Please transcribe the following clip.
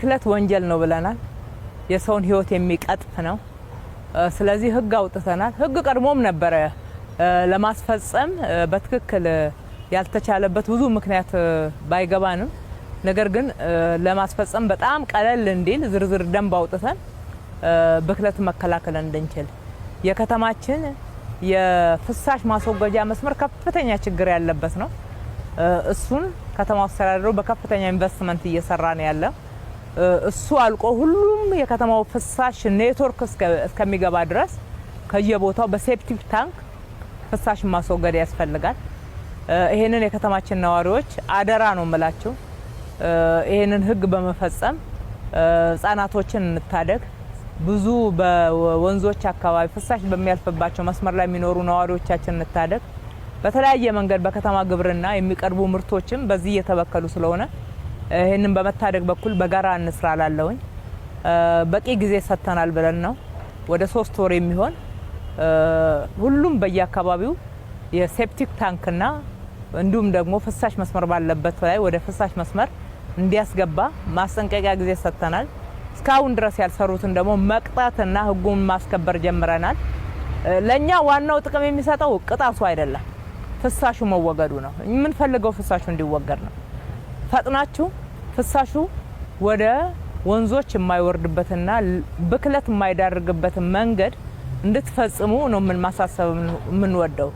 ክለት ወንጀል ነው ብለናል። የሰውን ህይወት የሚቀጥፍ ነው። ስለዚህ ህግ አውጥተናል። ህግ ቀድሞም ነበረ ለማስፈጸም በትክክል ያልተቻለበት ብዙ ምክንያት ባይገባንም ነገር ግን ለማስፈጸም በጣም ቀለል እንዲል ዝርዝር ደንብ አውጥተን ብክለት መከላከል እንድንችል የከተማችን የፍሳሽ ማስወገጃ መስመር ከፍተኛ ችግር ያለበት ነው። እሱን ከተማ አስተዳደሩ በከፍተኛ ኢንቨስትመንት እየሰራ ነው ያለ እሱ አልቆ ሁሉም የከተማው ፍሳሽ ኔትወርክ እስከሚገባ ድረስ ከየቦታው በሴፕቲክ ታንክ ፍሳሽ ማስወገድ ያስፈልጋል። ይህንን የከተማችን ነዋሪዎች አደራ ነው የምላቸው። ይህንን ህግ በመፈጸም ህጻናቶችን እንታደግ። ብዙ በወንዞች አካባቢ ፍሳሽ በሚያልፍባቸው መስመር ላይ የሚኖሩ ነዋሪዎቻችን እንታደግ። በተለያየ መንገድ በከተማ ግብርና የሚቀርቡ ምርቶችም በዚህ እየተበከሉ ስለሆነ ይህንን በመታደግ በኩል በጋራ እንስራ ላለውኝ በቂ ጊዜ ሰጥተናል ብለን ነው ወደ ሶስት ወር የሚሆን ሁሉም በየአካባቢው የሴፕቲክ ታንክና እንዲሁም ደግሞ ፍሳሽ መስመር ባለበት ላይ ወደ ፍሳሽ መስመር እንዲያስገባ ማስጠንቀቂያ ጊዜ ሰጥተናል። እስካሁን ድረስ ያልሰሩትን ደግሞ መቅጣትና ህጉን ማስከበር ጀምረናል። ለእኛ ዋናው ጥቅም የሚሰጠው ቅጣቱ አይደለም፣ ፍሳሹ መወገዱ ነው። የምንፈልገው ፍሳሹ እንዲወገድ ነው። ፈጥናችሁ ፍሳሹ ወደ ወንዞች የማይወርድበትና ብክለት የማይዳርግበትን መንገድ እንድትፈጽሙ ነው ምን ማሳሰብ የምንወደው።